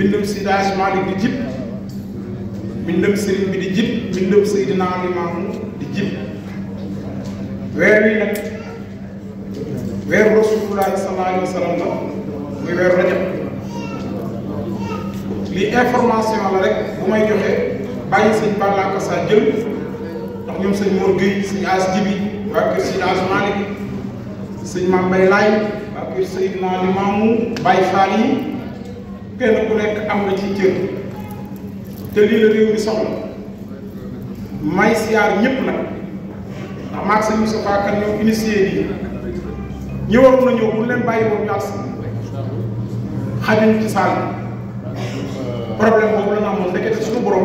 mbindum si daaj Maalik di jib mbindum sëriñ di jib mbindum Seydina Limaamu di jib weer wi nag weeru Rasulullaahi sallallaahu alayhi wa sallam muy weeru Rajab li information la rek bu may joxe bàyyi sëñ Balla ko saa jël ndax ñoom sëñ Mor Gueye sëñ As Jibi waa kër si daaj Maalik sëñ Mame Bay Laay waa kër Seydina Limaamu Baay Faal yi kenn ku nekk am na ci cër te lii la réew mi soxla may siyaar ñëpp nag ndax maag sëñ Moustapha Kane ñoo lii ñi waroon na ñëw bu leen bàyyi woon ñu ak si xajuñ ci saal problème boobu la ñu amoon ndekete suñu borom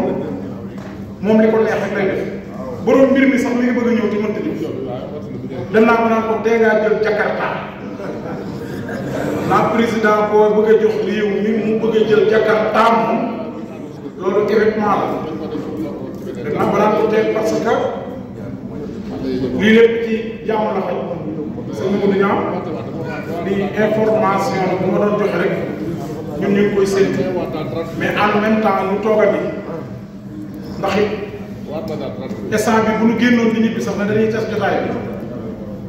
moom li ko neex rek lay def borom mbir mi sax mi ngi bëgg ñëw ci mënta dem danaa ko naan ko dee ngaa jël la président koo bëgg jox lii mi mu bëgg a jël jakartaam loolu effectivement la dana balaa ko teel parce que lii lépp ci jàmm la xaj sëñ Moudou Niang lii information la bu joxe rek ñun ñu koy séntu mais en même temps ñu toog a ni ndax it instant bi bu ñu génnoon nit bi sax na dañuy tas jotaay bi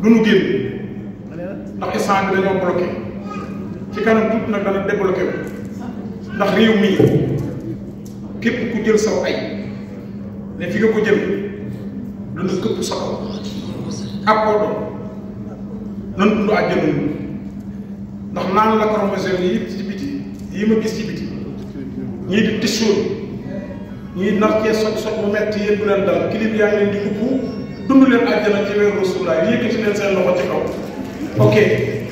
du ñu génn ndax instant bi dañoo bloqué. ci kanam tuuti nag dana débloqué wu ndax réew mii képp ku jël saw ay ne fi nga ko jël dana këpp sa kaw akkoo doon dund àjjana ndax naan la chromosome yi yëpp ci biti yi ma gis ci biti ñii di tissuur ñii nar cee soj soj bu metti yéen leen dal kilib yaa ngi leen di dugg dund leen àjjana ci weeru Rasulullah yëkkati leen seen loxo ci kaw ok